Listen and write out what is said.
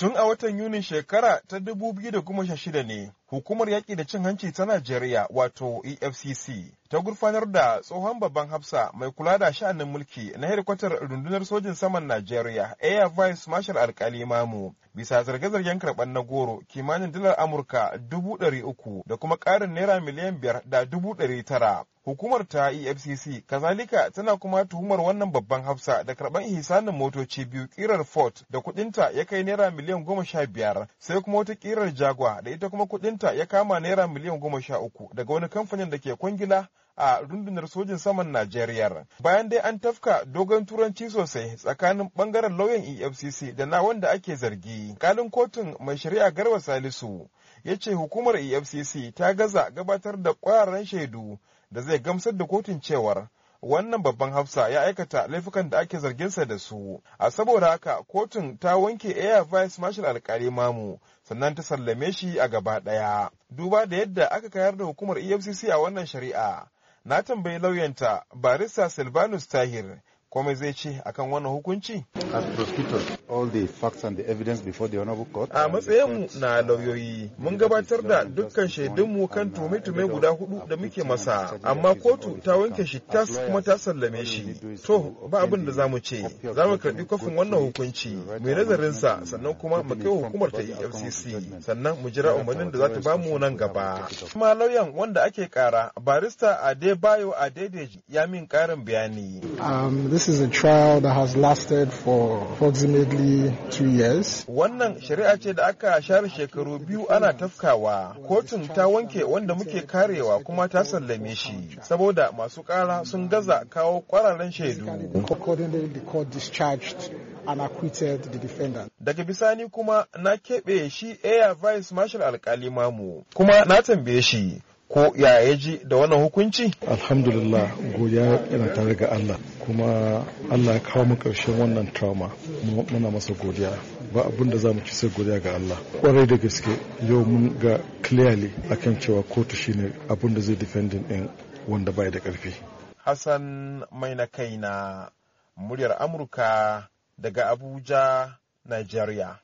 Tun a watan Yunin shekara ta 2016 ne hukumar yaƙi da cin hanci ta Najeriya wato EFCC ta gurfanar da tsohon babban hafsa mai kula da sha'anin mulki na hedikwatar rundunar sojin saman Najeriya Air Vice Marshal Alkali Mamu bisa zarge-zargen karɓar na goro kimanin dalar Amurka dubu ɗari uku da kuma ƙarin naira miliyan biyar da dubu ɗari tara. Hukumar ta EFCC kazalika tana kuma tuhumar wannan babban hafsa da karɓar hisanin motoci biyu ƙirar Ford da kuɗinta ya kai naira miliyan goma sha biyar sai kuma wata ƙirar Jaguar da ita kuma kuɗin kudinta ya kama naira miliyan goma sha uku daga wani kamfanin da ke kwangila a rundunar sojin saman Najeriya. Bayan dai an tafka dogon turanci sosai tsakanin bangaren lauyan EFCC da na wanda ake zargi. Kalin kotun mai shari'a Garba Salisu ya ce hukumar EFCC ta gaza gabatar da kwararren shaidu da zai gamsar da kotun cewar wannan babban hafsa ya aikata laifukan da ake zarginsa da su a saboda haka kotun ta wanke air vice marshal alkali mamu sannan ta sallame shi a gaba ɗaya duba da yadda aka kayar da hukumar efcc a wannan shari'a na tambayi lauyanta barista silvanus tahir komai zai ce akan wannan hukunci? As prosecutors, all the facts and the evidence before the honorable court. A matsayinmu na lauyoyi, mun gabatar da dukkan shaidunmu kan uh, tume-tume guda hudu da muke masa, amma kotu ta wanke shi tas kuma ta sallame shi. To, ba abin da za mu ce, za mu karbi kofin wannan hukunci, muyi nazarin nazarinsa, sannan kuma mu kai hukumar ta EFCC, e sannan mu jira umarnin da za ta bamu nan gaba. Kuma lauyan wanda ake kara, barista Adebayo Adedeji ya min karin bayani. Um, This is a trial that has lasted for approximately two years. Wannan shari'a ce da aka share shekaru biyu ana tafkawa. Kotun ta wanke wanda muke karewa kuma ta sallame shi saboda masu kara sun gaza kawo kwararen shaidu. Accordingly, the court the defendant. Daga bisani kuma na keɓe shi Air Vice Marshal Alkali Mamu kuma na tambaye shi ko ya ya ji da wannan hukunci? Alhamdulillah godiya yana tare ga Allah kuma Allah ya kawo mu ƙarshen wannan trauma muna masa godiya ba abin da za mu ci sai godiya ga Allah kwarai da gaske yau mun ga clearly akan cewa kotu shine abin da zai defending din wanda bai da karfi Hassan mai na kai na muryar Amurka daga Abuja, Nigeria.